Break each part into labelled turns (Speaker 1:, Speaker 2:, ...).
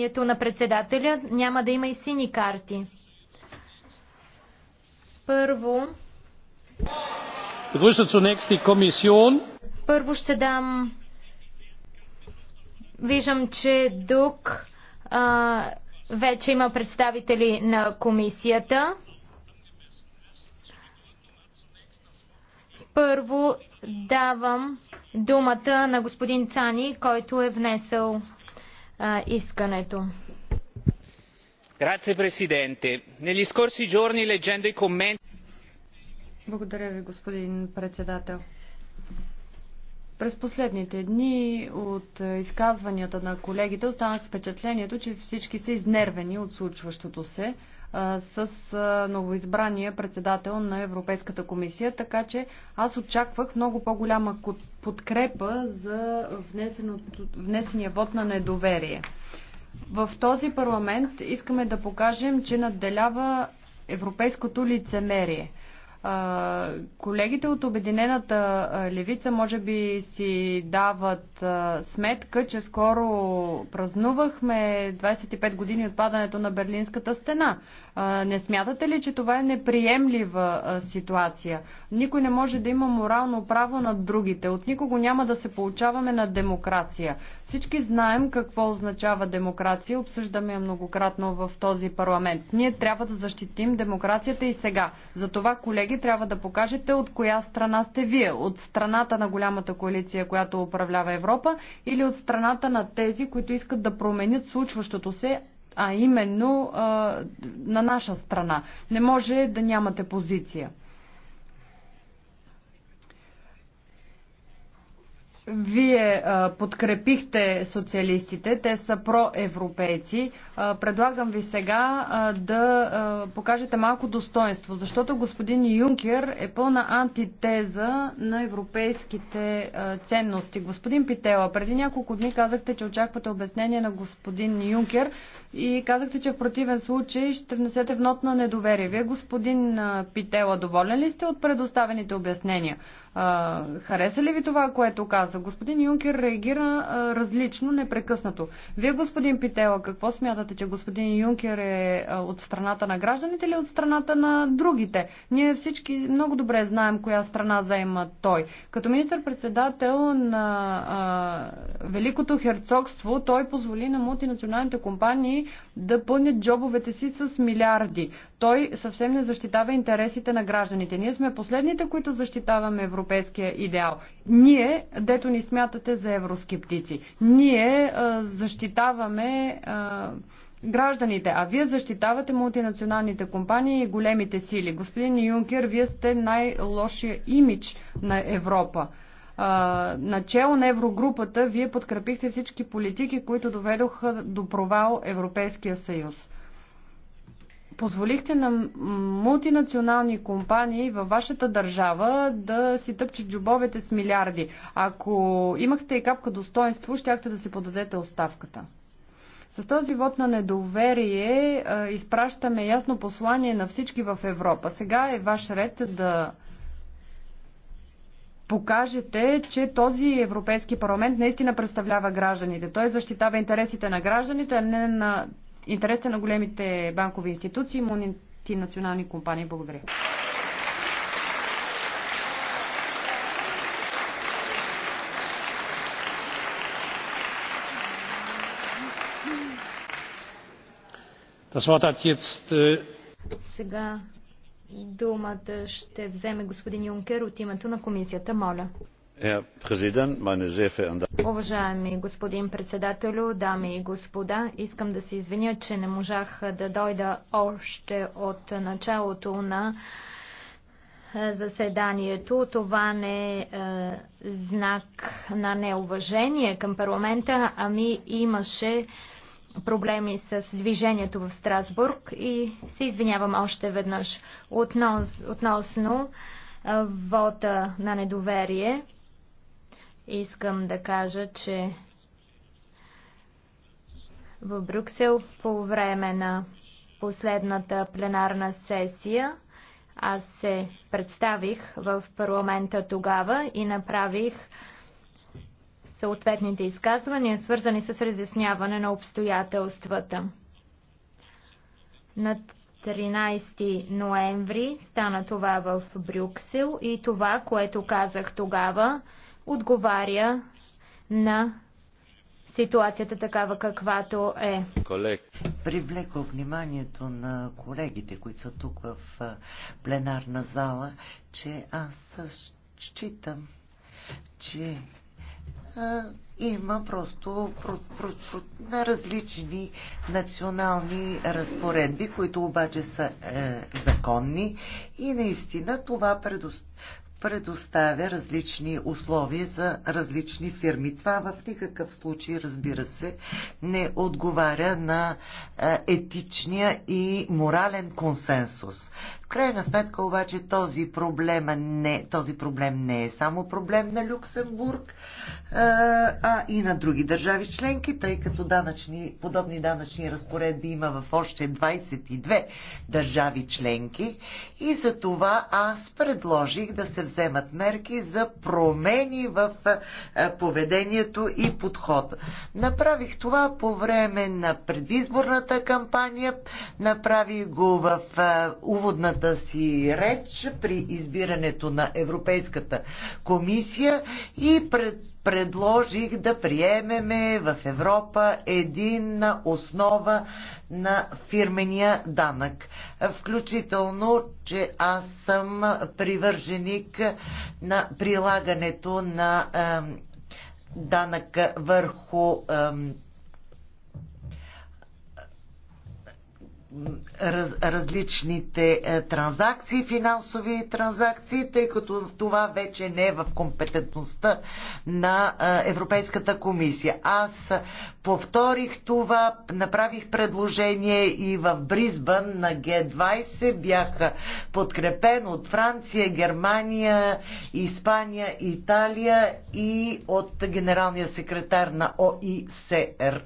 Speaker 1: решението на председателя. Няма да има и сини карти. Първо... Първо ще дам... Виждам, че Дук а, вече има представители на комисията. Първо давам думата на господин Цани, който е внесъл искането.
Speaker 2: Grazie Presidente. Negli scorsi giorni leggendo i
Speaker 3: commenti... Благодаря ви, господин председател. През последните дни от изказванията на колегите останах с впечатлението, че всички са изнервени от случващото се с новоизбрания председател на Европейската комисия, така че аз очаквах много по-голяма подкрепа за внесения вод на недоверие. В този парламент искаме да покажем, че надделява европейското лицемерие колегите от Обединената левица може би си дават сметка, че скоро празнувахме 25 години от падането на Берлинската стена. Не смятате ли, че това е неприемлива ситуация? Никой не може да има морално право над другите. От никого няма да се получаваме на демокрация. Всички знаем какво означава демокрация. Обсъждаме я многократно в този парламент. Ние трябва да защитим демокрацията и сега. За това, колеги, трябва да покажете от коя страна сте вие. От страната на голямата коалиция, която управлява Европа или от страната на тези, които искат да променят случващото се, а именно на наша страна. Не може да нямате позиция. Вие а, подкрепихте социалистите, те са проевропейци. А, предлагам ви сега а, да а, покажете малко достоинство, защото господин Юнкер е пълна антитеза на европейските а, ценности. Господин Питела, преди няколко дни казахте, че очаквате обяснение на господин Юнкер и казахте, че в противен случай ще внесете внот на недоверие. Вие, господин а, Питела, доволен ли сте от предоставените обяснения? А, хареса ли ви това, което каза? Господин Юнкер реагира а, различно, непрекъснато. Вие, господин Питела, какво смятате, че господин Юнкер е а, от страната на гражданите или от страната на другите? Ние всички много добре знаем коя страна заема той. Като министър-председател на а, Великото херцогство, той позволи на мултинационалните компании да пълнят джобовете си с милиарди. Той съвсем не защитава интересите на гражданите. Ние сме последните, които защитаваме Европа европейския идеал. Ние, дето ни смятате за евроскептици, ние а, защитаваме а, гражданите, а вие защитавате мултинационалните компании и големите сили. Господин Юнкер, вие сте най-лошия имидж на Европа начало на Еврогрупата вие подкрепихте всички политики, които доведоха до провал Европейския съюз позволихте на мултинационални компании във вашата държава да си тъпчат джобовете с милиарди. Ако имахте и капка достоинство, щяхте да си подадете оставката. С този вод на недоверие изпращаме ясно послание на всички в Европа. Сега е ваш ред да покажете, че този Европейски парламент наистина представлява гражданите. Той защитава интересите на гражданите, а не на интересите на големите банкови институции и мултинационални компании. Благодаря.
Speaker 2: Äh,
Speaker 1: Сега думата ще вземе господин Юнкер от името на комисията. Моля. Уважаеми господин председателю, дами и господа, искам да се извиня, че не можах да дойда още от началото на е, заседанието. Това не е, е знак на неуважение към парламента, ами имаше проблеми с движението в Страсбург и се извинявам още веднъж относно е, вота на недоверие. Искам да кажа, че в Брюксел по време на последната пленарна сесия аз се представих в парламента тогава и направих съответните изказвания, свързани с разясняване на обстоятелствата. На 13 ноември стана това в Брюксел и това, което казах тогава, отговаря на ситуацията такава каквато е.
Speaker 4: Колег. Привлекох вниманието на колегите, които са тук в пленарна зала, че аз считам, че а, има просто про, про, про, на различни национални разпоредби, които обаче са е, законни и наистина това предоставя предоставя различни условия за различни фирми. Това в никакъв случай, разбира се, не отговаря на етичния и морален консенсус. В крайна сметка обаче този проблем не, този проблем не е само проблем на Люксембург, а и на други държави членки, тъй като данъчни, подобни данъчни разпоредби има в още 22 държави членки. И за това аз предложих да се вземат мерки за промени в поведението и подхода. Направих това по време на предизборната кампания, направих го в уводната си реч при избирането на Европейската комисия и пред предложих да приемеме в Европа един основа на фирмения данък включително, че аз съм привърженик на прилагането на данък върху раз, различните е, транзакции, финансови транзакции, тъй като това вече не е в компетентността на е, Европейската комисия. Аз повторих това, направих предложение и в Бризбън на Г20 бях подкрепен от Франция, Германия, Испания, Италия и от генералния секретар на ОИСР,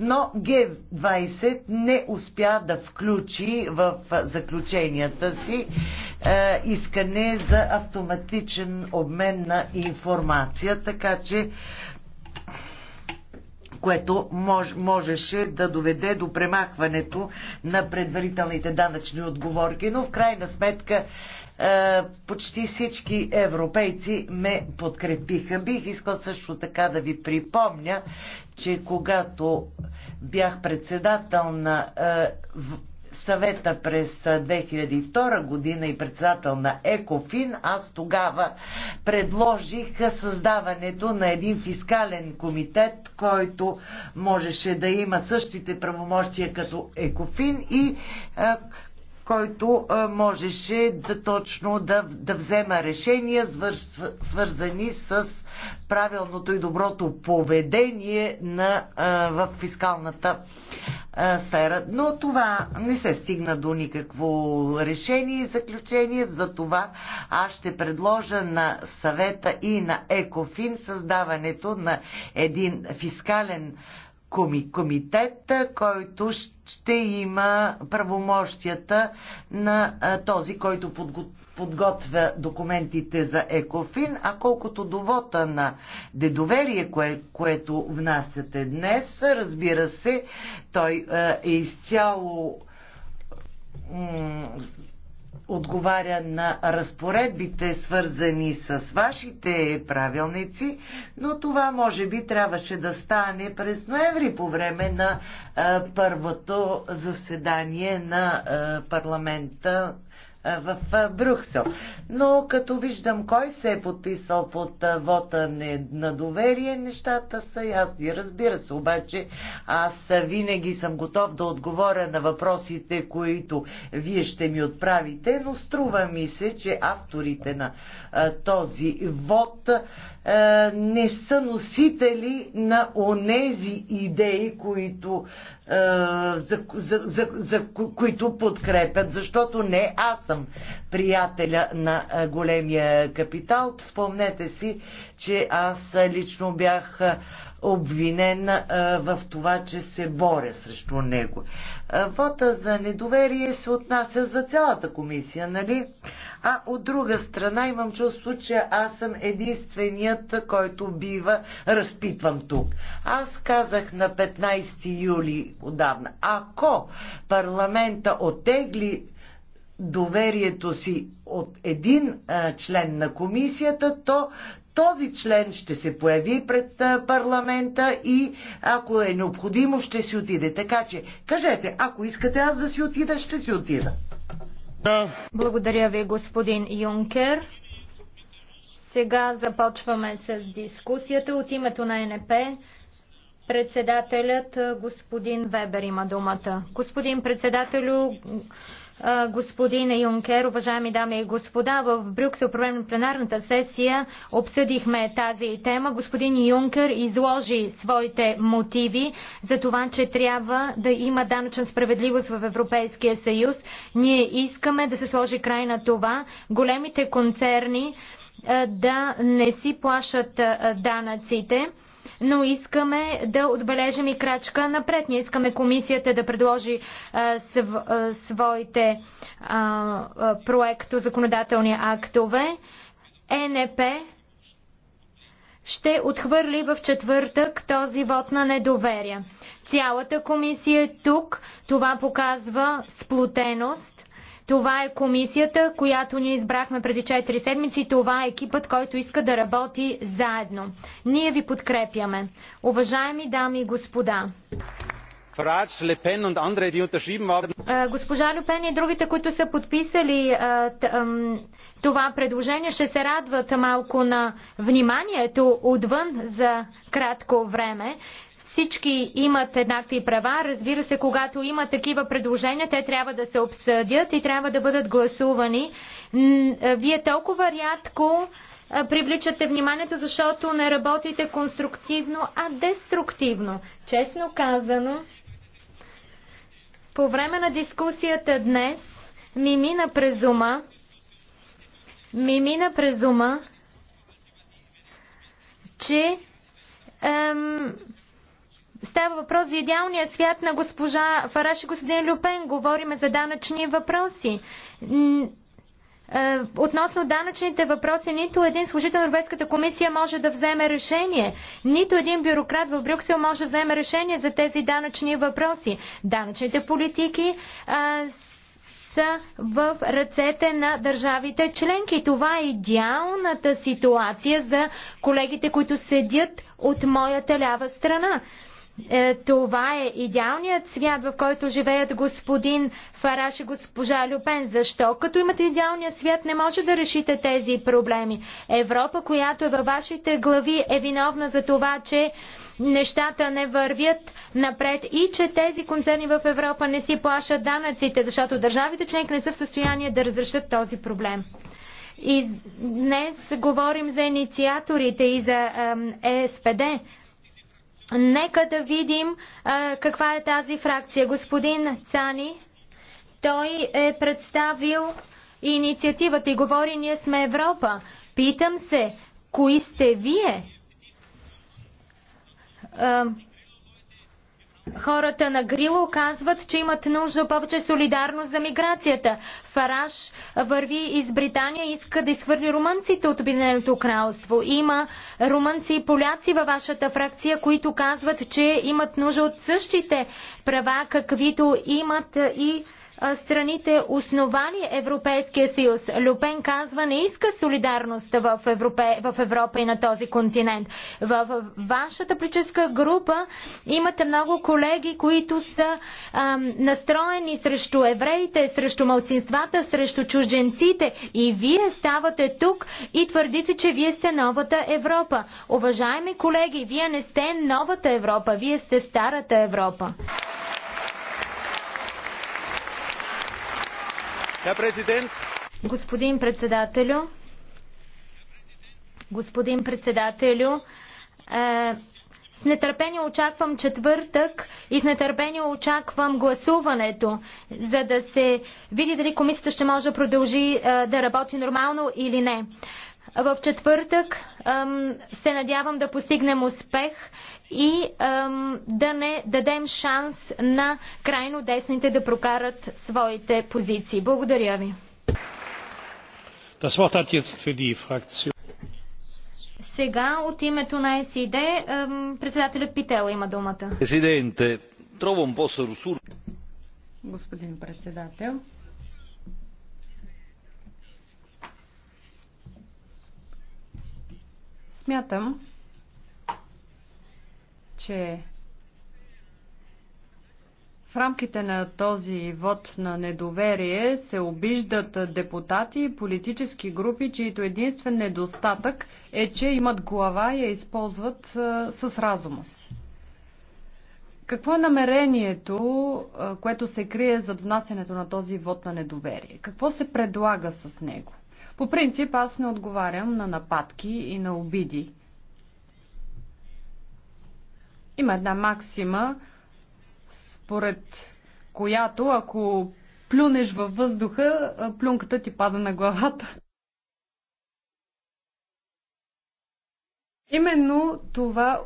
Speaker 4: но Г20 не успя да включи в заключенията си е, искане за автоматичен обмен на информация, така че което мож, можеше да доведе до премахването на предварителните данъчни отговорки, но в крайна сметка е, почти всички европейци ме подкрепиха. Бих искал също така да ви припомня, че когато бях председател на е, съвета през 2002 е, година и председател на ЕКОФИН, аз тогава предложих създаването на един фискален комитет, който можеше да има същите правомощия като ЕКОФИН и който можеше да, точно да, да взема решения, свързани с правилното и доброто поведение на, в фискалната сфера. Но това не се стигна до никакво решение и заключение. За това аз ще предложа на съвета и на ЕКОФИН създаването на един фискален комитет, който ще има правомощията на този, който подготвя документите за ЕКОФИН, а колкото до вота на дедоверие, кое, което внасяте днес, разбира се, той е изцяло отговаря на разпоредбите, свързани с вашите правилници, но това може би трябваше да стане през ноември по време на първото заседание на парламента в Брюксел. Но като виждам кой се е подписал под вота на доверие, нещата са ясни. Разбира се, обаче аз винаги съм готов да отговоря на въпросите, които вие ще ми отправите, но струва ми се, че авторите на този вод не са носители на онези идеи, които е, за, за, за, за които подкрепят, защото не аз съм приятеля на е, големия капитал. Спомнете си, че аз лично бях е, обвинен в това, че се боря срещу него. Вота за недоверие се отнася за цялата комисия, нали? А от друга страна имам чувство, че аз съм единственият, който бива разпитвам тук. Аз казах на 15 юли отдавна, ако парламента отегли доверието си от един а, член на комисията, то този член ще се появи пред парламента и ако е необходимо ще си отиде. Така че, кажете, ако искате аз да си отида, ще си отида.
Speaker 1: Благодаря ви, господин Юнкер. Сега започваме с дискусията от името на НП. Председателят господин Вебер има думата. Господин председателю, господин Юнкер, уважаеми дами и господа, в Брюксел по време на пленарната сесия обсъдихме тази тема. Господин Юнкер изложи своите мотиви за това, че трябва да има данъчна справедливост в Европейския съюз. Ние искаме да се сложи край на това големите концерни да не си плашат данъците но искаме да отбележим и крачка напред. Ние искаме комисията да предложи а, св, а, своите а, проекто законодателни актове. ЕНП ще отхвърли в четвъртък този вод на недоверие. Цялата комисия е тук. Това показва сплутеност това е комисията, която ние избрахме преди 4 седмици. Това е екипът, който иска да работи заедно. Ние ви подкрепяме. Уважаеми дами и господа, Госпожа Люпен и другите, които са подписали това предложение, ще се радват малко на вниманието отвън за кратко време всички имат еднакви права. Разбира се, когато има такива предложения, те трябва да се обсъдят и трябва да бъдат гласувани. Вие толкова рядко привличате вниманието, защото не работите конструктивно, а деструктивно. Честно казано, по време на дискусията днес ми мина през ума, ми мина през ума, че ем, Става въпрос за идеалния свят на госпожа Фараш и господин Люпен. Говориме за данъчни въпроси. Е, относно данъчните въпроси, нито един служител на Европейската комисия може да вземе решение. Нито един бюрократ в Брюксел може да вземе решение за тези данъчни въпроси. Данъчните политики а, е, са в ръцете на държавите членки. Това е идеалната ситуация за колегите, които седят от моята лява страна. Е, това е идеалният свят, в който живеят господин Фараш и госпожа Люпен. Защо? Като имате идеалният свят, не може да решите тези проблеми. Европа, която е във вашите глави, е виновна за това, че нещата не вървят напред и че тези концерни в Европа не си плащат данъците, защото държавите членки не са в състояние да разрешат този проблем. И днес говорим за инициаторите и за ЕСПД, Нека да видим а, каква е тази фракция. Господин Цани, той е представил инициативата и говори, ние сме Европа. Питам се, кои сте вие? А, Хората на Грило казват, че имат нужда повече солидарност за миграцията. Фараш върви из Британия и иска да изхвърли румънците от Обединеното кралство. Има румънци и поляци във вашата фракция, които казват, че имат нужда от същите права, каквито имат и страните основали Европейския съюз. Люпен казва, не иска солидарност в, Европе, в Европа и на този континент. В, в вашата политическа група имате много колеги, които са ам, настроени срещу евреите, срещу малцинствата, срещу чужденците. И вие ставате тук и твърдите, че вие сте новата Европа. Уважаеми колеги, вие не сте новата Европа, вие сте старата Европа. Господин председателю, господин председателю, е, с нетърпение очаквам четвъртък и с нетърпение очаквам гласуването, за да се види дали комисията ще може да продължи е, да работи нормално или не. В четвъртък се надявам да постигнем успех и да не дадем шанс на крайно десните да прокарат своите позиции. Благодаря ви. Сега от името на СИД председателят Питела има думата. Господин председател,
Speaker 3: Смятам, че в рамките на този вод на недоверие се обиждат депутати и политически групи, чието единствен недостатък е, че имат глава и я използват с разума си. Какво е намерението, което се крие зад внасянето на този вод на недоверие? Какво се предлага с него? По принцип аз не отговарям на нападки и на обиди. Има една максима, според която ако плюнеш във въздуха, плюнката ти пада на главата. Именно това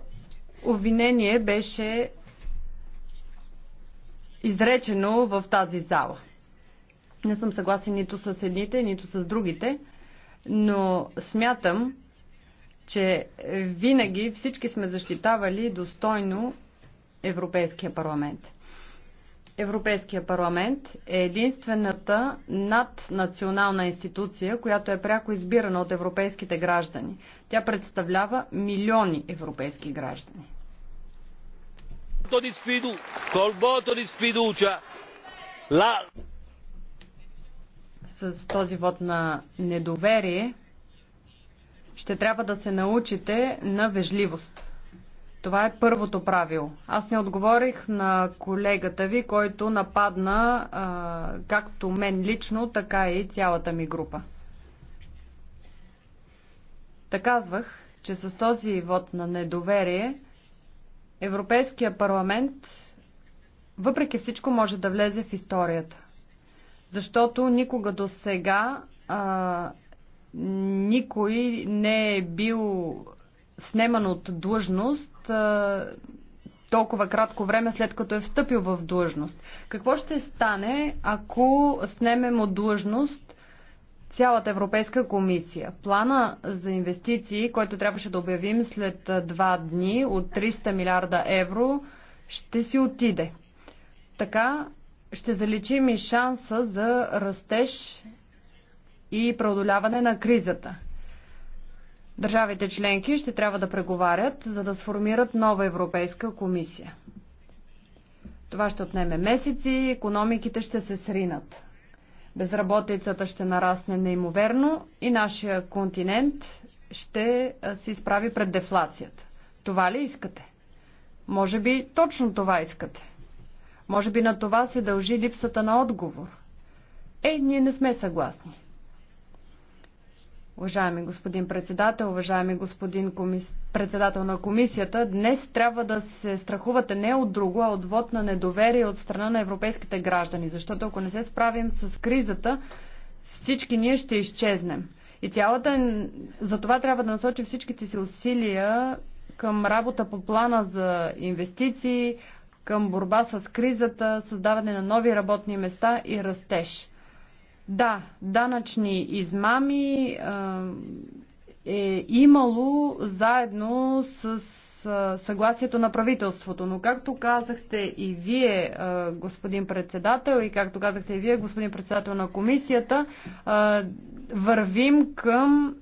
Speaker 3: обвинение беше изречено в тази зала. Не съм съгласен нито с едните, нито с другите, но смятам, че винаги всички сме защитавали достойно Европейския парламент. Европейския парламент е единствената наднационална институция, която е пряко избирана от европейските граждани. Тя представлява милиони европейски граждани.
Speaker 2: Col voto di sfiducia
Speaker 3: la с този вод на недоверие, ще трябва да се научите на вежливост. Това е първото правило. Аз не отговорих на колегата ви, който нападна а, както мен лично, така и цялата ми група. Та казвах, че с този вод на недоверие Европейския парламент въпреки всичко може да влезе в историята защото никога до сега никой не е бил снеман от длъжност а, толкова кратко време след като е встъпил в длъжност. Какво ще стане, ако снемем от длъжност цялата Европейска комисия? Плана за инвестиции, който трябваше да обявим след два дни от 300 милиарда евро, ще си отиде. Така ще заличим и шанса за растеж и преодоляване на кризата. Държавите членки ще трябва да преговарят, за да сформират нова Европейска комисия. Това ще отнеме месеци, економиките ще се сринат. Безработицата ще нарасне неимоверно и нашия континент ще се изправи пред дефлацията. Това ли искате? Може би точно това искате. Може би на това се дължи липсата на отговор. Е, ние не сме съгласни. Уважаеми господин председател, уважаеми господин комис... председател на комисията, днес трябва да се страхувате не от друго, а от вод на недоверие от страна на европейските граждани, защото ако не се справим с кризата, всички ние ще изчезнем. И цялата... За това трябва да насочим всичките си усилия към работа по плана за инвестиции, към борба с кризата, създаване на нови работни места и растеж. Да, данъчни измами е имало заедно с съгласието на правителството. Но както казахте и вие, господин председател, и както казахте и вие, господин председател на комисията, вървим към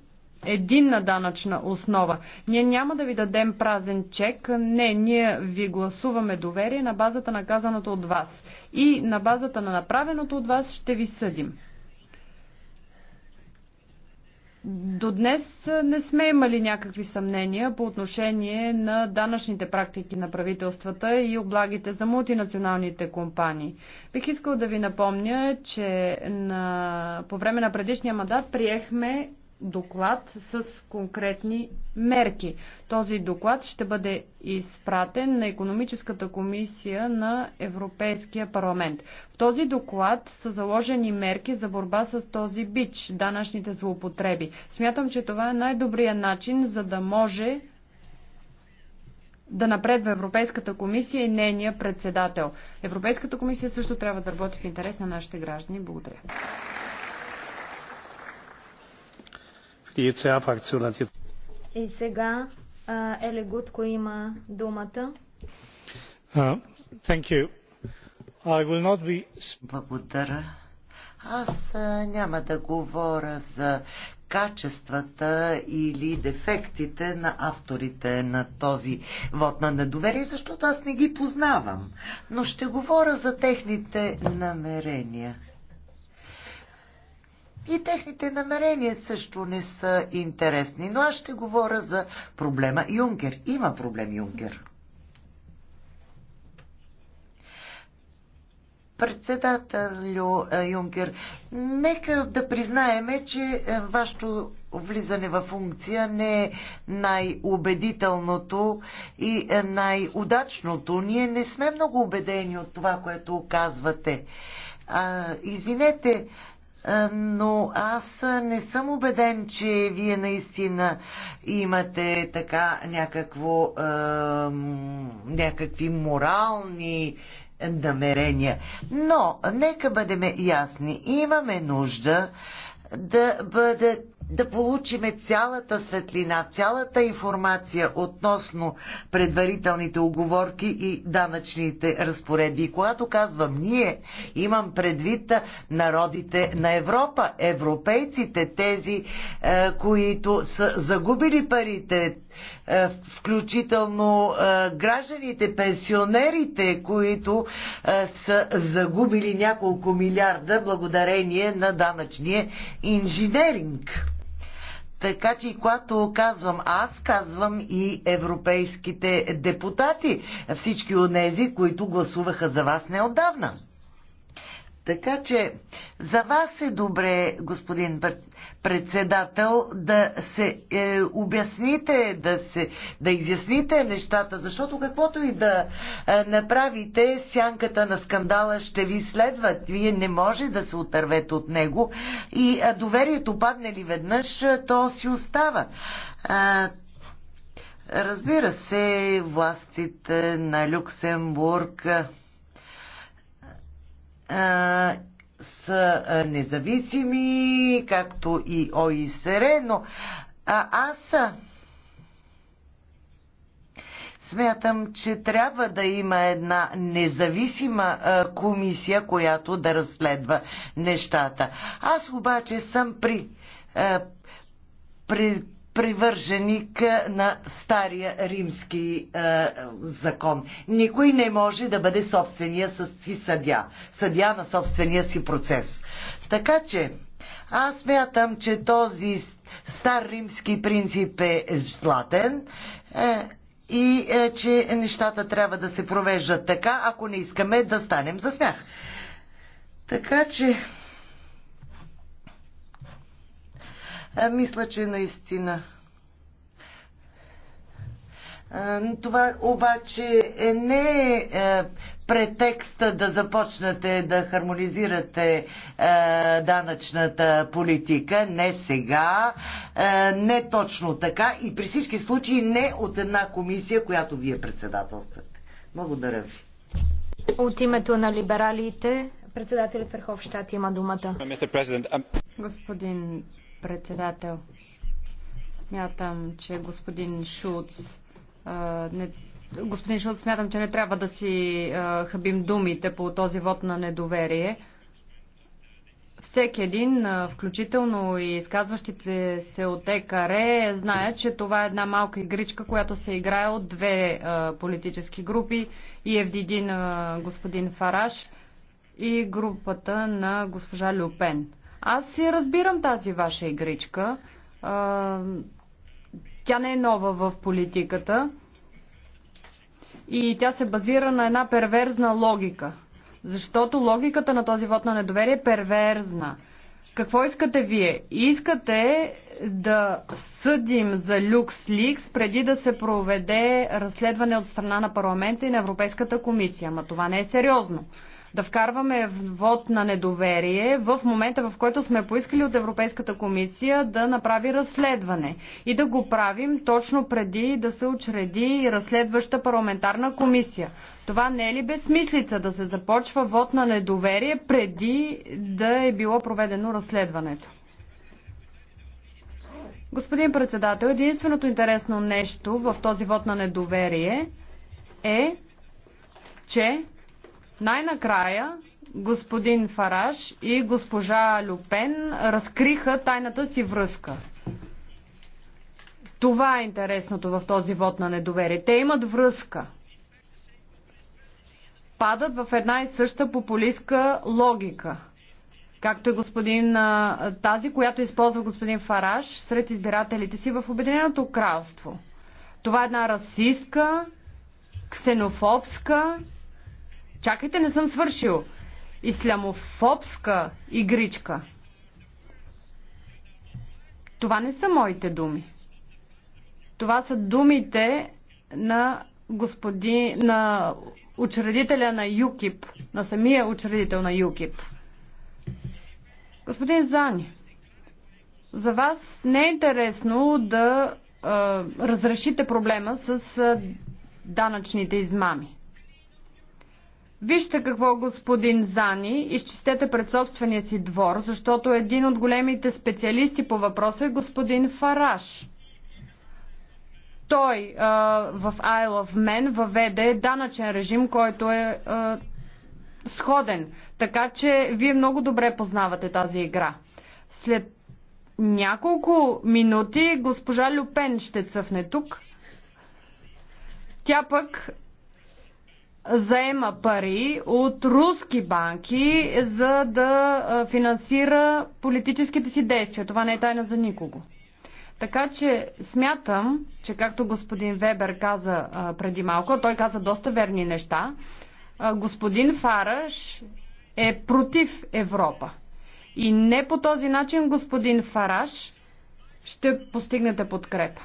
Speaker 3: единна данъчна основа. Ние няма да ви дадем празен чек. Не, ние ви гласуваме доверие на базата на казаното от вас. И на базата на направеното от вас ще ви съдим. До днес не сме имали някакви съмнения по отношение на данъчните практики на правителствата и облагите за мултинационалните компании. Бих искал да ви напомня, че на... по време на предишния мандат приехме доклад с конкретни мерки. Този доклад ще бъде изпратен на економическата комисия на Европейския парламент. В този доклад са заложени мерки за борба с този бич, данъчните злоупотреби. Смятам, че това е най-добрият начин, за да може да напредва Европейската комисия и нейния председател. Европейската комисия също трябва да работи в интерес на нашите граждани. Благодаря.
Speaker 2: И
Speaker 1: сега Еле Гутко има думата.
Speaker 4: Be... Благодаря. Аз няма да говоря за качествата или дефектите на авторите на този вод на недоверие, защото аз не ги познавам. Но ще говоря за техните намерения. И техните намерения също не са интересни. Но аз ще говоря за проблема Юнкер. Има проблем Юнкер. Председател е, Юнкер, нека да признаеме, че е, вашето влизане във функция не е най-убедителното и е, най-удачното. Ние не сме много убедени от това, което казвате. А, извинете, но аз не съм убеден, че вие наистина имате така някакво, е, някакви морални намерения. Но, нека бъдем ясни, имаме нужда да бъдат да получиме цялата светлина, цялата информация относно предварителните оговорки и данъчните разпореди. И когато казвам ние, имам предвид народите на Европа, европейците, тези, е, които са загубили парите, е, включително е, гражданите, пенсионерите, които са загубили няколко милиарда благодарение на данъчния инженеринг. Така че и когато казвам аз, казвам и европейските депутати, всички от нези, които гласуваха за вас неодавна. Така че за вас е добре, господин председател, да се е, обясните, да, се, да изясните нещата, защото каквото и да е, направите, сянката на скандала ще ви следва. Вие не може да се отървете от него и е, доверието падне ли веднъж, е, то си остава. А, е, разбира се, властите на Люксембург а, е, са независими, както и ОИСР, е, но а, аз смятам, че трябва да има една независима а, комисия, която да разследва нещата. Аз обаче съм при, а, при привърженик на стария римски е, закон. Никой не може да бъде собствения си съдя, съдя на собствения си процес. Така че, аз смятам, че този стар римски принцип е златен е, и е, че нещата трябва да се провеждат така, ако не искаме да станем за смях. Така че, Мисля, че наистина. Това обаче е не е, е претекста да започнете да хармонизирате е, данъчната политика. Не сега, е, не точно така и при всички случаи не от една комисия, която вие председателствате. Благодаря ви.
Speaker 1: От името на либералите, председателят Верховщат има думата. Господин председател. Смятам, че господин Шуц
Speaker 3: а, не Господин Шут, смятам, че не трябва да си а, хабим думите по този вод на недоверие. Всеки един, а, включително и изказващите се от ЕКР, знае, че това е една малка игричка, която се играе от две а, политически групи и ФДД е на господин Фараш и групата на госпожа Люпен. Аз си разбирам тази ваша игричка. Тя не е нова в политиката и тя се базира на една перверзна логика. Защото логиката на този вод на недоверие е перверзна. Какво искате вие? Искате да съдим за Люкс Ликс преди да се проведе разследване от страна на парламента и на Европейската комисия. Ма това не е сериозно да вкарваме вод на недоверие в момента, в който сме поискали от Европейската комисия да направи разследване и да го правим точно преди да се учреди разследваща парламентарна комисия. Това не е ли безсмислица да се започва вод на недоверие преди да е било проведено разследването? Господин председател, единственото интересно нещо в този вод на недоверие е, че най-накрая господин Фараш и госпожа Люпен разкриха тайната си връзка. Това е интересното в този вод на недоверие. Те имат връзка. Падат в една и съща популистка логика. Както е господин тази, която използва господин Фараш сред избирателите си в Обединеното кралство. Това е една расистка, ксенофобска Чакайте, не съм свършил. Ислямофобска игричка. Това не са моите думи. Това са думите на господин, на учредителя на ЮКИП, на самия учредител на ЮКИП. Господин Зани, за вас не е интересно да а, разрешите проблема с а, данъчните измами. Вижте какво господин Зани, изчистете пред собствения си двор, защото един от големите специалисти по въпроса е господин Фараш. Той а, в Isle of Man въведе данъчен режим, който е а, сходен. Така че вие много добре познавате тази игра. След няколко минути госпожа Люпен ще цъфне тук. Тя пък заема пари от руски банки, за да финансира политическите си действия. Това не е тайна за никого. Така че смятам, че както господин Вебер каза преди малко, той каза доста верни неща, господин Фараш е против Европа. И не по този начин, господин Фараш, ще постигнете подкрепа.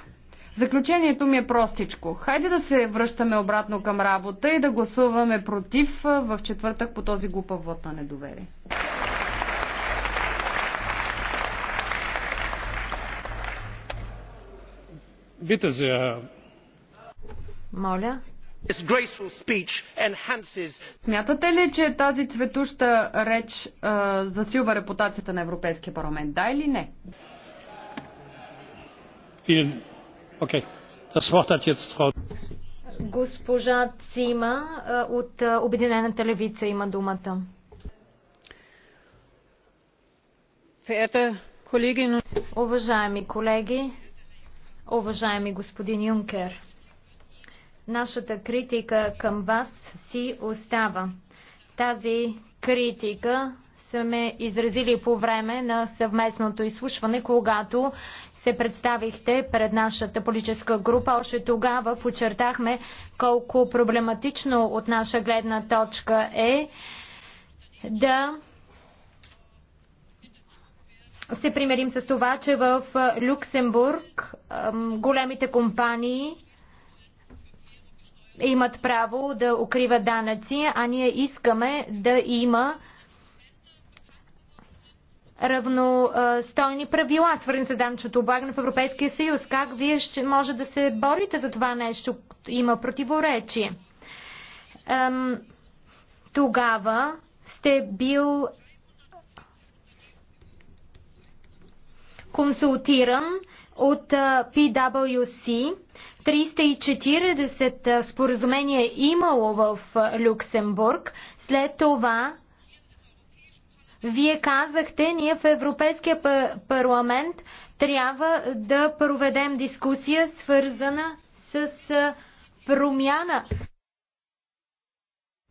Speaker 3: Заключението ми е простичко. Хайде да се връщаме обратно към работа и да гласуваме против в четвъртък по този глупав вод на недоверие. Моля. Смятате ли, че тази цветуща реч а, засилва репутацията на Европейския парламент? Да или не?
Speaker 1: Госпожа Цима е, от е, Обединената левица има думата. Уважаеми колеги, уважаеми господин Юнкер, нашата критика към вас си остава. Тази критика сме изразили по време на съвместното изслушване, когато се представихте пред нашата политическа група. Още тогава подчертахме колко проблематично от наша гледна точка е да се примерим с това, че в Люксембург големите компании имат право да укриват данъци, а ние искаме да има равностойни правила, свързани с данчето облагане в Европейския съюз. Как вие ще може да се борите за това нещо? Има противоречие. Ем, тогава сте бил консултиран от PwC. 340 споразумения имало в Люксембург. След това вие казахте, ние в Европейския парламент трябва да проведем дискусия, свързана с промяна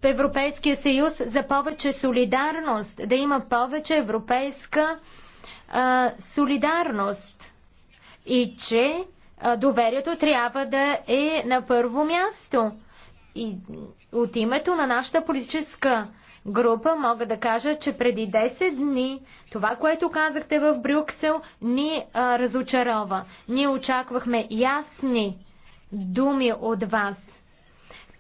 Speaker 1: в Европейския съюз за повече солидарност, да има повече европейска а, солидарност и че а, доверието трябва да е на първо място. И от името на нашата политическа група, мога да кажа, че преди 10 дни това, което казахте в Брюксел, ни а, разочарова. Ние очаквахме ясни думи от вас.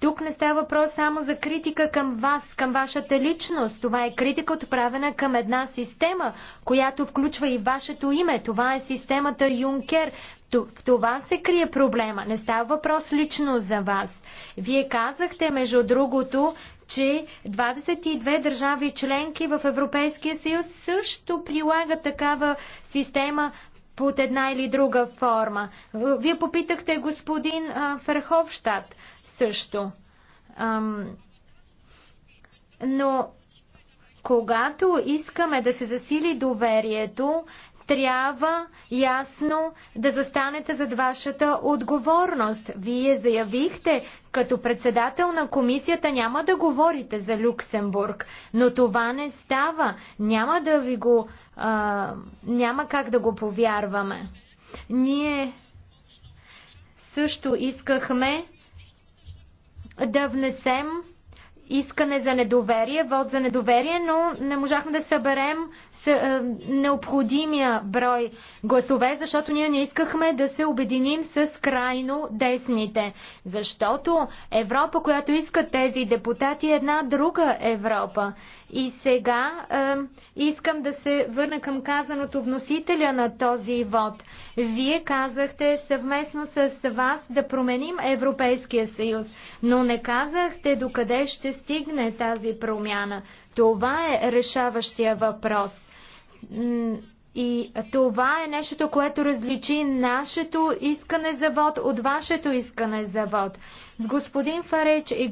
Speaker 1: Тук не става въпрос само за критика към вас, към вашата личност. Това е критика отправена към една система, която включва и вашето име. Това е системата Юнкер. В това се крие проблема. Не става въпрос лично за вас. Вие казахте, между другото, че 22 държави членки в Европейския съюз също прилагат такава система под една или друга форма. Вие попитахте господин Ферховщад също. Но когато искаме да се засили доверието, трябва ясно да застанете зад вашата отговорност. Вие заявихте, като председател на комисията няма да говорите за Люксембург, но това не става. Няма да ви го. А, няма как да го повярваме. Ние също искахме да внесем искане за недоверие, вод за недоверие, но не можахме да съберем е, необходимия брой гласове, защото ние не искахме да се обединим с крайно десните. Защото Европа, която искат тези депутати, е една друга Европа. И сега а, е, искам да се върна към казаното вносителя на този вод. Вие казахте съвместно с вас да променим Европейския съюз, но не казахте докъде ще стигне тази промяна. Това е решаващия въпрос. И това е нещото, което различи нашето искане за вод от вашето искане за вод. С господин Фареч и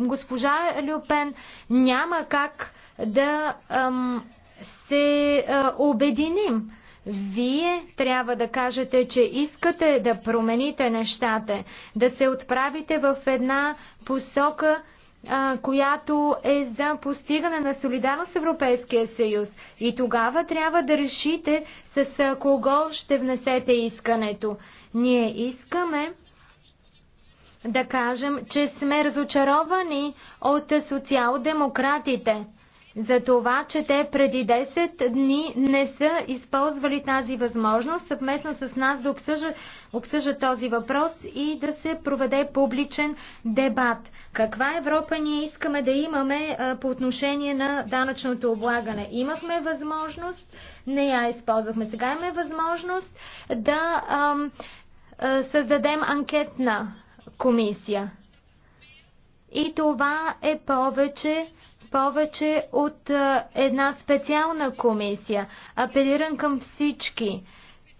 Speaker 1: госпожа Люпен няма как да ам, се а, обединим. Вие трябва да кажете, че искате да промените нещата, да се отправите в една посока, която е за постигане на солидарност с Европейския съюз. И тогава трябва да решите с кого ще внесете искането. Ние искаме да кажем, че сме разочаровани от социал-демократите за това, че те преди 10 дни не са използвали тази възможност съвместно с нас да обсъжа, обсъжа този въпрос и да се проведе публичен дебат. Каква Европа ние искаме да имаме а, по отношение на данъчното облагане? Имахме възможност, не я използвахме. Сега имаме възможност да а, а, създадем анкетна комисия. И това е повече повече от една специална комисия. Апелирам към всички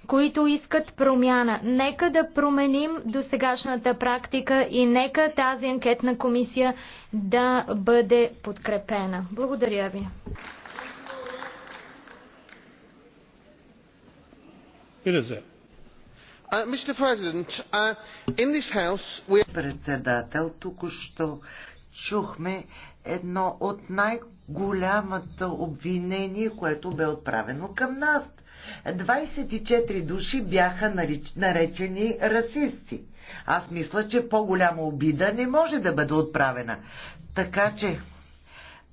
Speaker 1: които искат промяна. Нека да променим досегашната практика и нека тази анкетна комисия да бъде подкрепена. Благодаря ви.
Speaker 4: Uh, uh, Председател, току-що чухме едно от най-голямата обвинение, което бе отправено към нас. 24 души бяха наречени расисти. Аз мисля, че по-голяма обида не може да бъде отправена. Така че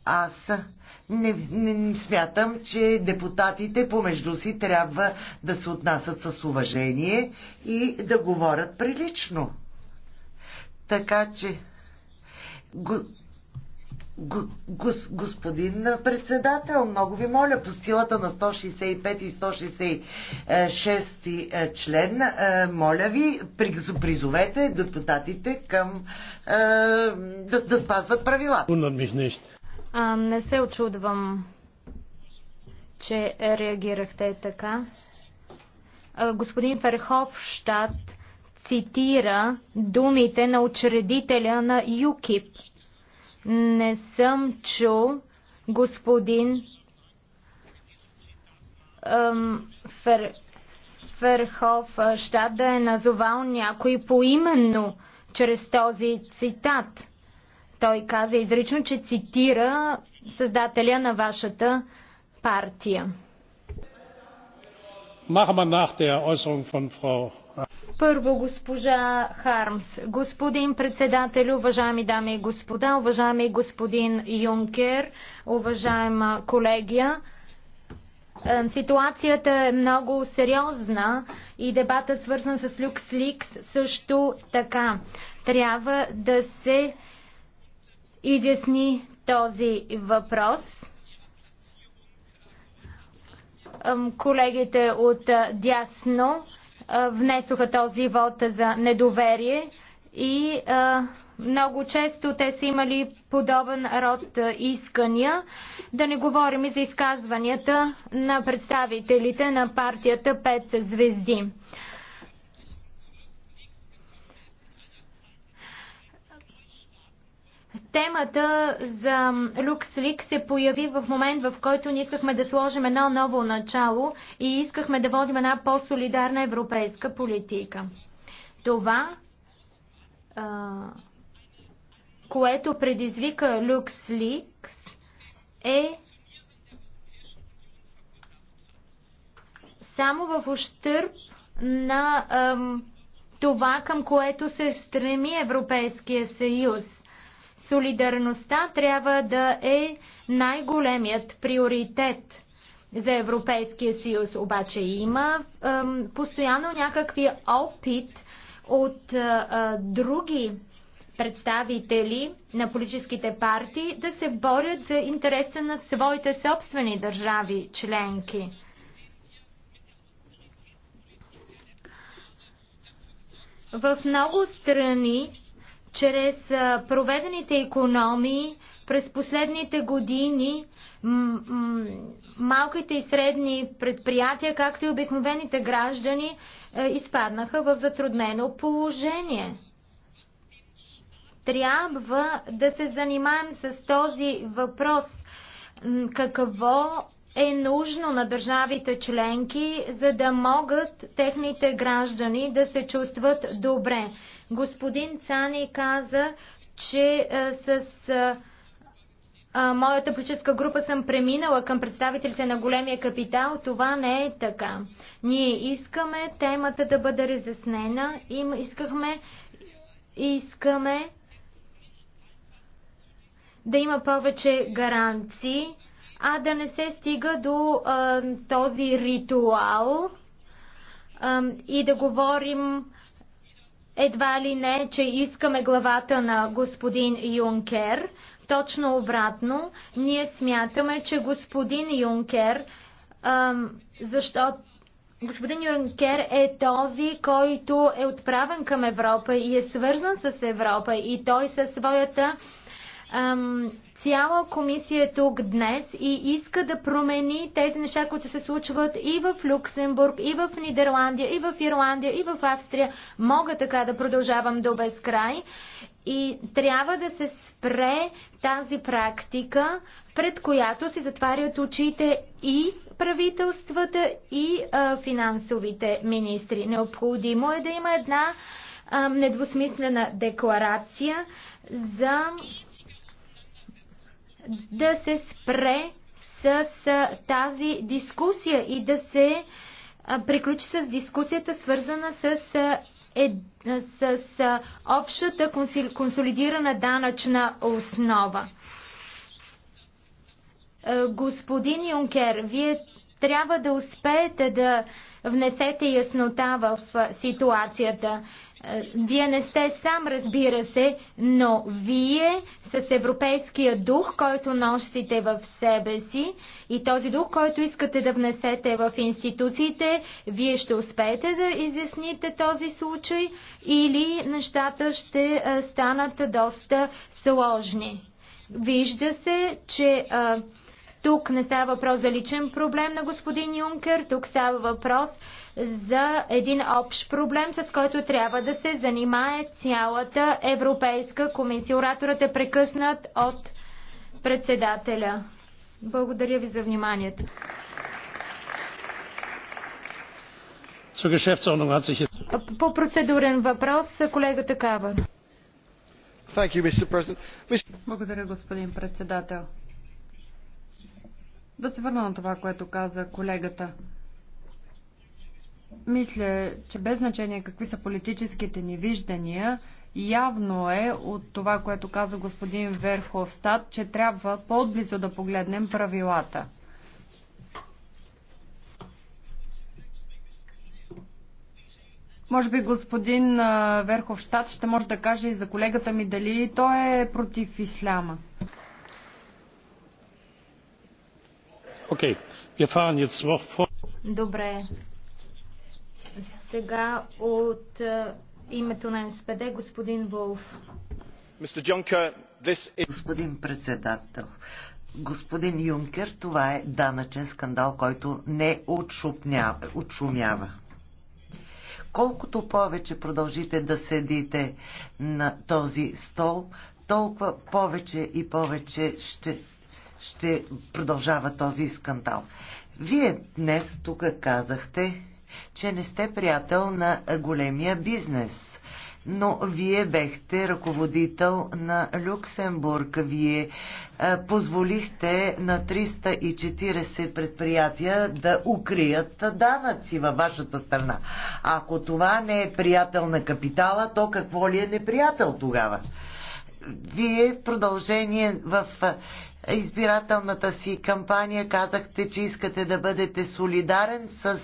Speaker 4: аз не, не смятам, че депутатите помежду си трябва да се отнасят с уважение и да говорят прилично. Така че го, го, гос, господин председател, много ви моля, по силата на 165 и 166 е, член, е, моля ви, призовете депутатите към е, да, да спазват правилата. А, не
Speaker 1: се очудвам, че реагирахте така. Господин щат цитира думите на учредителя на ЮКИП не съм чул господин ем, Фер, щат да е назовал някой поименно чрез този цитат. Той каза изрично, че цитира създателя на вашата партия.
Speaker 2: Махаме wir nach der
Speaker 1: първо госпожа Хармс. Господин председател, уважаеми дами и господа, уважаеми господин Юнкер, уважаема колегия. Е, ситуацията е много сериозна и дебата свързан с Люкс Ликс също така. Трябва да се изясни този въпрос колегите от дясно внесоха този вод за недоверие и много често те са имали подобен род искания. Да не говорим и за изказванията на представителите на партията Пет звезди. Темата за LuxLeaks се появи в момент, в който ние искахме да сложим едно ново начало и искахме да водим една по-солидарна европейска политика. Това, което предизвика LuxLeaks, е само в ущърп на това, към което се стреми Европейския съюз Солидарността трябва да е най-големият приоритет за Европейския съюз. Обаче има ем, постоянно някакви опит от е, е, други представители на политическите партии да се борят за интереса на своите собствени държави членки. В много страни чрез проведените економии през последните години малките и средни предприятия, както и обикновените граждани, е, изпаднаха в затруднено положение. Трябва да се занимаем с този въпрос. Какво е нужно на държавите членки, за да могат техните граждани да се чувстват добре? Господин Цани каза, че е, с а, е, е, моята политическа група съм преминала към представителите на големия капитал. Това не е така. Ние искаме темата да бъде разяснена. и искахме, искаме да има повече гаранции, а да не се стига до а, този ритуал а, и да говорим едва ли не, че искаме главата на господин Юнкер. Точно обратно, ние смятаме, че господин Юнкер, защото господин Юнкер е този, който е отправен към Европа и е свързан с Европа и той със своята ам, Цяла комисия е тук днес и иска да промени тези неща, които се случват и в Люксембург, и в Нидерландия, и в Ирландия, и в Австрия. Мога така да продължавам до безкрай. И трябва да се спре тази практика, пред която се затварят очите и правителствата, и а, финансовите министри. Необходимо е да има една а, недвусмислена декларация за да се спре с тази дискусия и да се приключи с дискусията, свързана с, е, с, с общата консолидирана данъчна основа. Господин Юнкер, вие трябва да успеете да внесете яснота в ситуацията. Е, вие не сте сам, разбира се, но вие с европейския дух, който носите в себе си и този дух, който искате да внесете в институциите, вие ще успеете да изясните този случай или нещата ще е, станат доста сложни. Вижда се, че а, е, тук не става въпрос за личен проблем на господин Юнкер, тук става въпрос за един общ проблем, с който трябва да се занимае цялата Европейска комисия. Ораторът е прекъснат от председателя. Благодаря ви за вниманието. По процедурен въпрос, колегата такава.
Speaker 3: Благодаря, господин председател. Да се върна на това, което каза колегата. Мисля, че без значение какви са политическите ни виждания, явно е от това, което каза господин Верховстат, че трябва по-близо да погледнем правилата. Може би господин Верховщад ще може да каже и за колегата ми дали той е против исляма.
Speaker 1: Добре. Сега от е, името на МСПД господин Волф.
Speaker 4: Господин председател, господин Юнкер, това е данъчен скандал, който не отшумява. Колкото повече продължите да седите на този стол, толкова повече и повече ще ще продължава този скандал. Вие днес тук казахте, че не сте приятел на големия бизнес, но вие бехте ръководител на Люксембург. Вие е, позволихте на 340 предприятия да укрият данъци във вашата страна. Ако това не е приятел на капитала, то какво ли е неприятел тогава? Вие продължение в избирателната си кампания казахте, че искате да бъдете солидарен с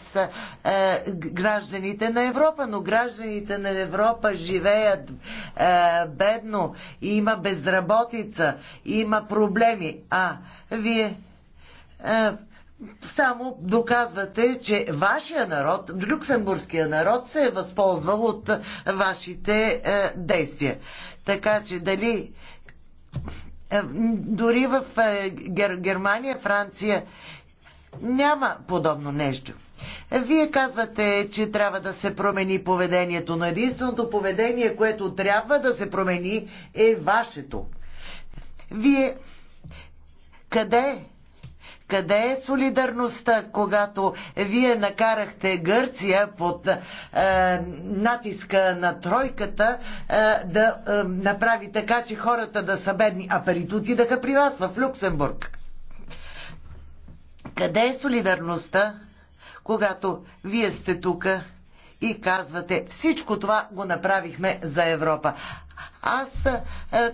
Speaker 4: е, гражданите на Европа, но гражданите на Европа живеят е, бедно, има безработица, има проблеми, а вие е, само доказвате, че вашия народ, люксембургския народ се е възползвал от вашите е, действия. Така че дали е, дори в е, Гер, Германия, Франция няма подобно нещо. Вие казвате, че трябва да се промени поведението, но единственото поведение, което трябва да се промени, е вашето. Вие къде къде е солидарността, когато вие накарахте Гърция под е, натиска на тройката е, да е, направи така, че хората да са бедни, а парите отидаха при вас в Люксембург? Къде е солидарността, когато вие сте тука и казвате всичко това го направихме за Европа. Аз е,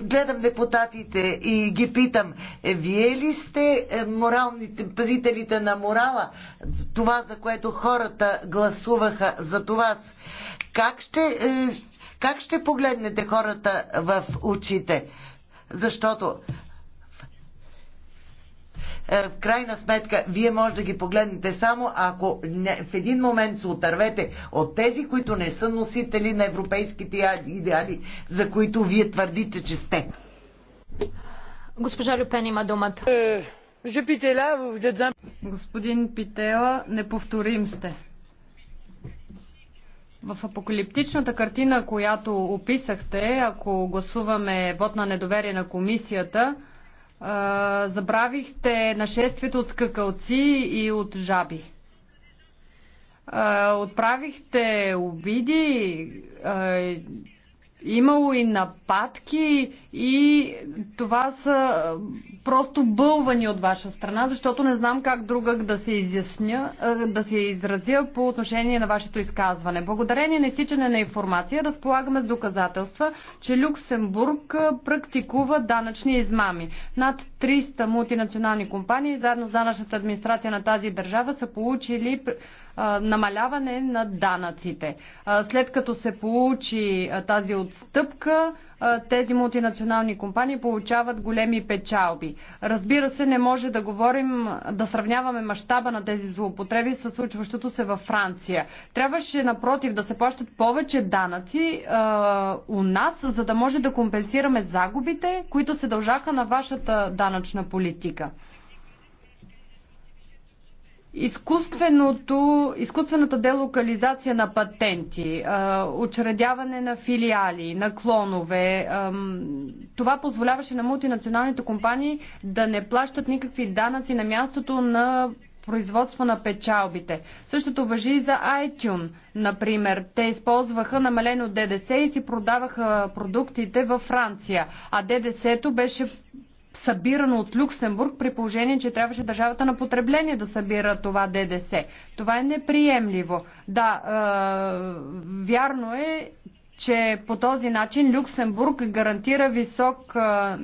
Speaker 4: гледам депутатите и ги питам, е, вие ли сте е, моралните, пазителите на морала? Това, за което хората гласуваха за това. Как ще, как ще погледнете хората в очите? Защото е, в крайна сметка, вие може да ги погледнете само ако не, в един момент се отървете от тези, които не са носители на европейските идеали, за които вие твърдите, че сте.
Speaker 1: Госпожа Люпен има думата. Е,
Speaker 3: Господин Питела, неповторим сте. В апокалиптичната картина, която описахте, ако гласуваме вод на недоверие на комисията, забравихте нашествието от скакалци и от жаби. Отправихте обиди Имало и нападки и това са просто бълвани от ваша страна, защото не знам как другък да се изясня, да се изразя по отношение на вашето изказване. Благодарение на изтичане на информация разполагаме с доказателства, че Люксембург практикува данъчни измами. Над 300 мултинационални компании заедно с данъчната администрация на тази държава са получили намаляване на данъците. След като се получи тази отстъпка, тези мултинационални компании получават големи печалби. Разбира се, не може да говорим, да сравняваме мащаба на тези злоупотреби с случващото се във Франция. Трябваше, напротив, да се плащат повече данъци е, у нас, за да може да компенсираме загубите, които се дължаха на вашата данъчна политика. Изкуственото, изкуствената делокализация на патенти, учредяване на филиали, на клонове, това позволяваше на мултинационалните компании да не плащат никакви данъци на мястото на производство на печалбите. Същото въжи и за iTunes, например. Те използваха намалено ДДС и си продаваха продуктите във Франция, а ДДС-то беше събирано от Люксембург, при положение, че трябваше държавата на потребление да събира това ДДС. Това е неприемливо. Да, е, вярно е, че по този начин Люксембург гарантира висок. Е,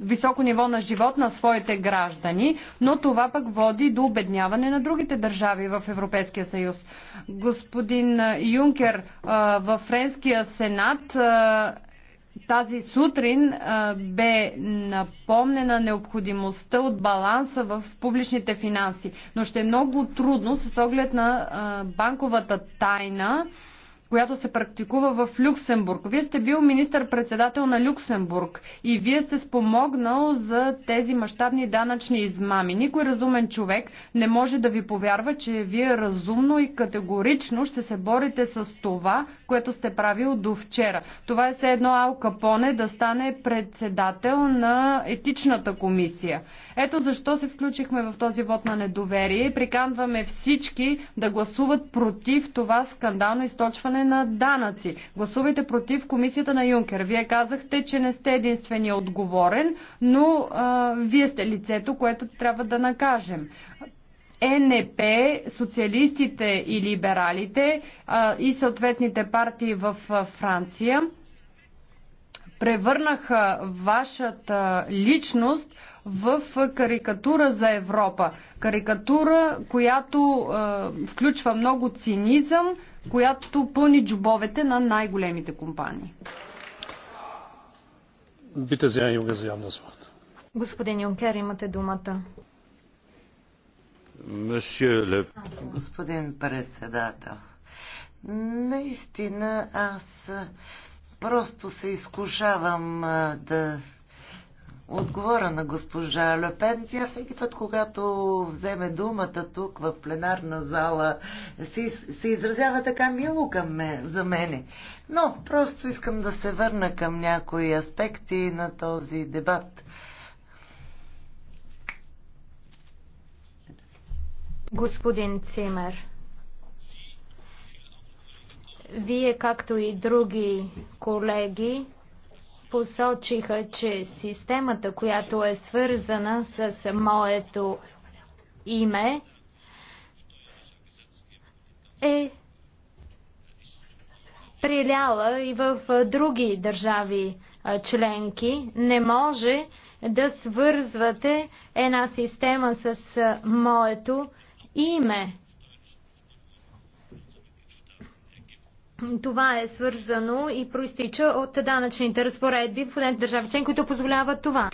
Speaker 3: високо ниво на живот на своите граждани, но това пък води до обедняване на другите държави в Европейския съюз. Господин Юнкер е, в Френския сенат е, тази сутрин а, бе напомнена необходимостта от баланса в публичните финанси, но ще е много трудно с оглед на а, банковата тайна която се практикува в Люксембург. Вие сте бил министър-председател на Люксембург и вие сте спомогнал за тези мащабни данъчни измами. Никой разумен човек не може да ви повярва, че вие разумно и категорично ще се борите с това, което сте правил до вчера. Това е все едно Ал Капоне да стане председател на етичната комисия. Ето защо се включихме в този вод на недоверие и приканваме всички да гласуват против това скандално източване намаляване на данъци. Гласувайте против комисията на Юнкер. Вие казахте, че не сте единствения отговорен, но а, вие сте лицето, което трябва да накажем. ЕНП, социалистите и либералите а, и съответните партии в Франция превърнаха вашата личност в карикатура за Европа. Карикатура, която е, включва много цинизъм, която пълни джобовете на най-големите компании.
Speaker 1: Господин Юнкер, имате
Speaker 4: думата. Господин председател, наистина аз Просто се изкушавам да отговора на госпожа Лепен. Тя всеки път, когато вземе думата тук в пленарна зала, се, се изразява така мило към ме, за мене. Но просто искам да се върна към някои аспекти на този дебат.
Speaker 1: Господин Цимер. Вие, както и други колеги, посочиха, че системата, която е свързана с моето име, е приляла и в други държави членки. Не може да свързвате една система с моето име. Това е свързано и проистича от данъчните разпоредби в отделните държави член, които позволяват това.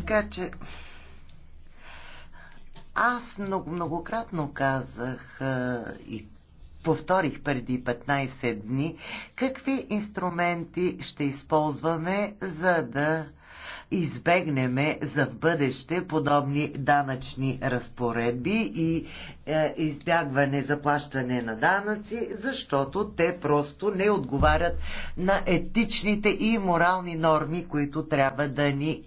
Speaker 4: Така че аз много, многократно казах и повторих преди 15 дни какви инструменти ще използваме, за да избегнеме за в бъдеще подобни данъчни разпоредби и е, избягване заплащане на данъци, защото те просто не отговарят на етичните и морални норми, които трябва да ни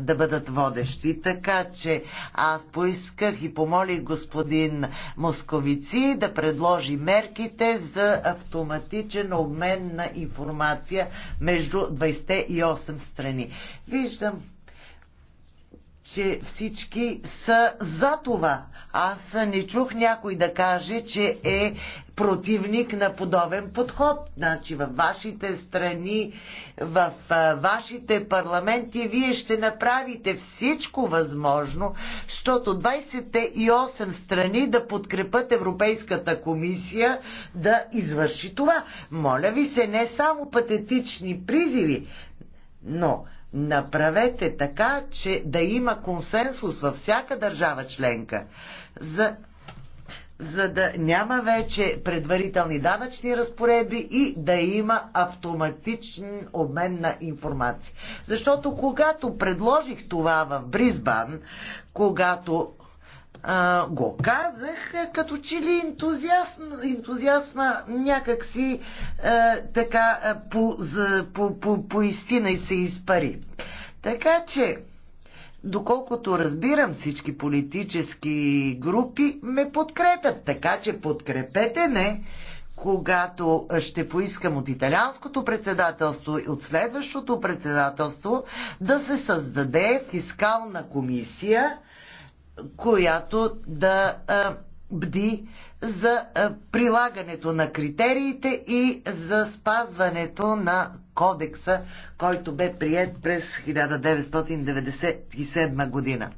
Speaker 4: да бъдат водещи. Така че аз поисках и помолих господин Московици да предложи мерките за автоматичен обмен на информация между 28 страни. Виждам, че всички са за това. Аз не чух някой да каже, че е противник на подобен подход. Значи във вашите страни, в вашите парламенти, вие ще направите всичко възможно, защото 28 страни да подкрепат Европейската комисия да извърши това. Моля ви се, не само патетични призиви, но Направете така, че да има консенсус във всяка държава членка, за, за да няма вече предварителни данъчни разпоредби и да има автоматичен обмен на информация. Защото когато предложих това в Бризбан, когато а, го казах, като че ли ентузиазм, ентузиазма някакси а, така поистина по, за, по, по, по истина и се изпари. Така че, доколкото разбирам всички политически групи, ме подкрепят. Така че подкрепете ме, когато ще поискам от италианското председателство и от следващото председателство да се създаде фискална комисия, която да бди за прилагането на критериите и за спазването на кодекса, който бе прият през 1997 година.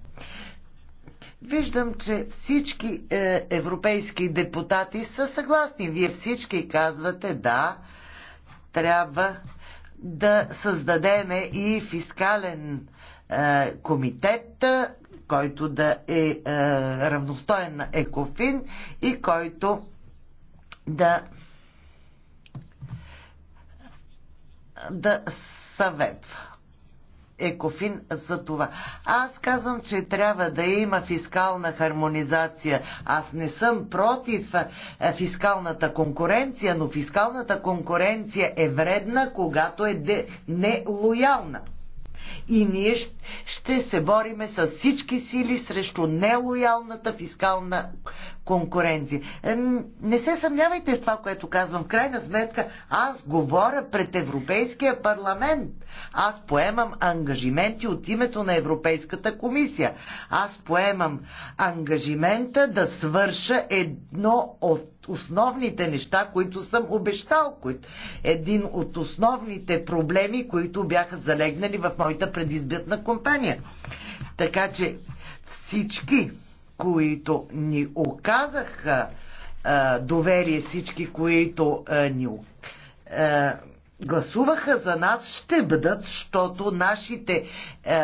Speaker 4: Виждам, че всички е, европейски депутати са съгласни. Вие всички казвате да, трябва да създадеме и фискален е, комитет, който да е, е равностоен на Екофин и който да да съветва. Екофин за това. Аз казвам, че трябва да има фискална хармонизация. Аз не съм против е, фискалната конкуренция, но фискалната конкуренция е вредна, когато е нелоялна. И ние ще се бориме с всички сили срещу нелоялната фискална конкуренция. Не се съмнявайте в това, което казвам. В крайна сметка, аз говоря пред Европейския парламент. Аз поемам ангажименти от името на Европейската комисия. Аз поемам ангажимента да свърша едно от основните неща, които съм обещал. Които... Един от основните проблеми, които бяха залегнали в моята предизбитна компания. Така че всички, които ни оказаха доверие, всички, които ни а, гласуваха за нас, ще бъдат, защото нашите е,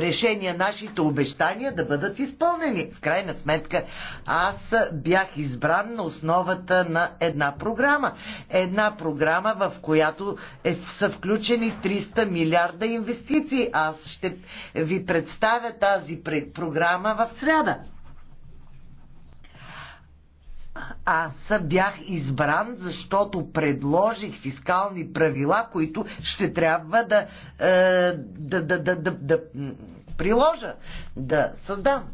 Speaker 4: решения, нашите обещания да бъдат изпълнени. В крайна сметка, аз бях избран на основата на една програма. Една програма, в която е, са включени 300 милиарда инвестиции. Аз ще ви представя тази програма в среда. Аз бях избран, защото предложих фискални правила, които ще трябва да, е, да, да, да, да, да приложа, да създам.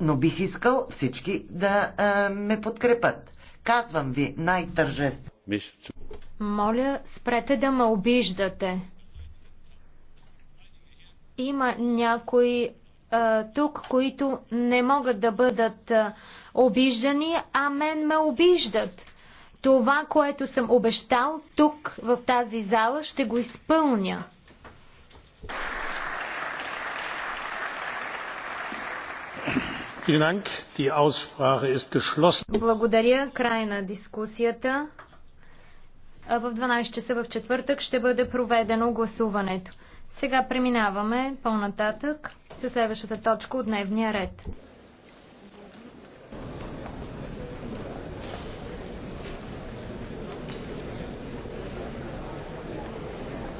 Speaker 4: Но бих искал всички да е, ме подкрепят. Казвам ви най-тържествено.
Speaker 1: Моля, спрете да ме обиждате. Има някои а, е, тук, които не могат да бъдат а, е, обиждани, а мен ме обиждат. Това, което съм обещал тук в тази зала, ще го изпълня. Благодаря. Край на дискусията. В 12 часа в четвъртък ще бъде проведено гласуването. Сега преминаваме по-нататък с следващата точка от дневния ред.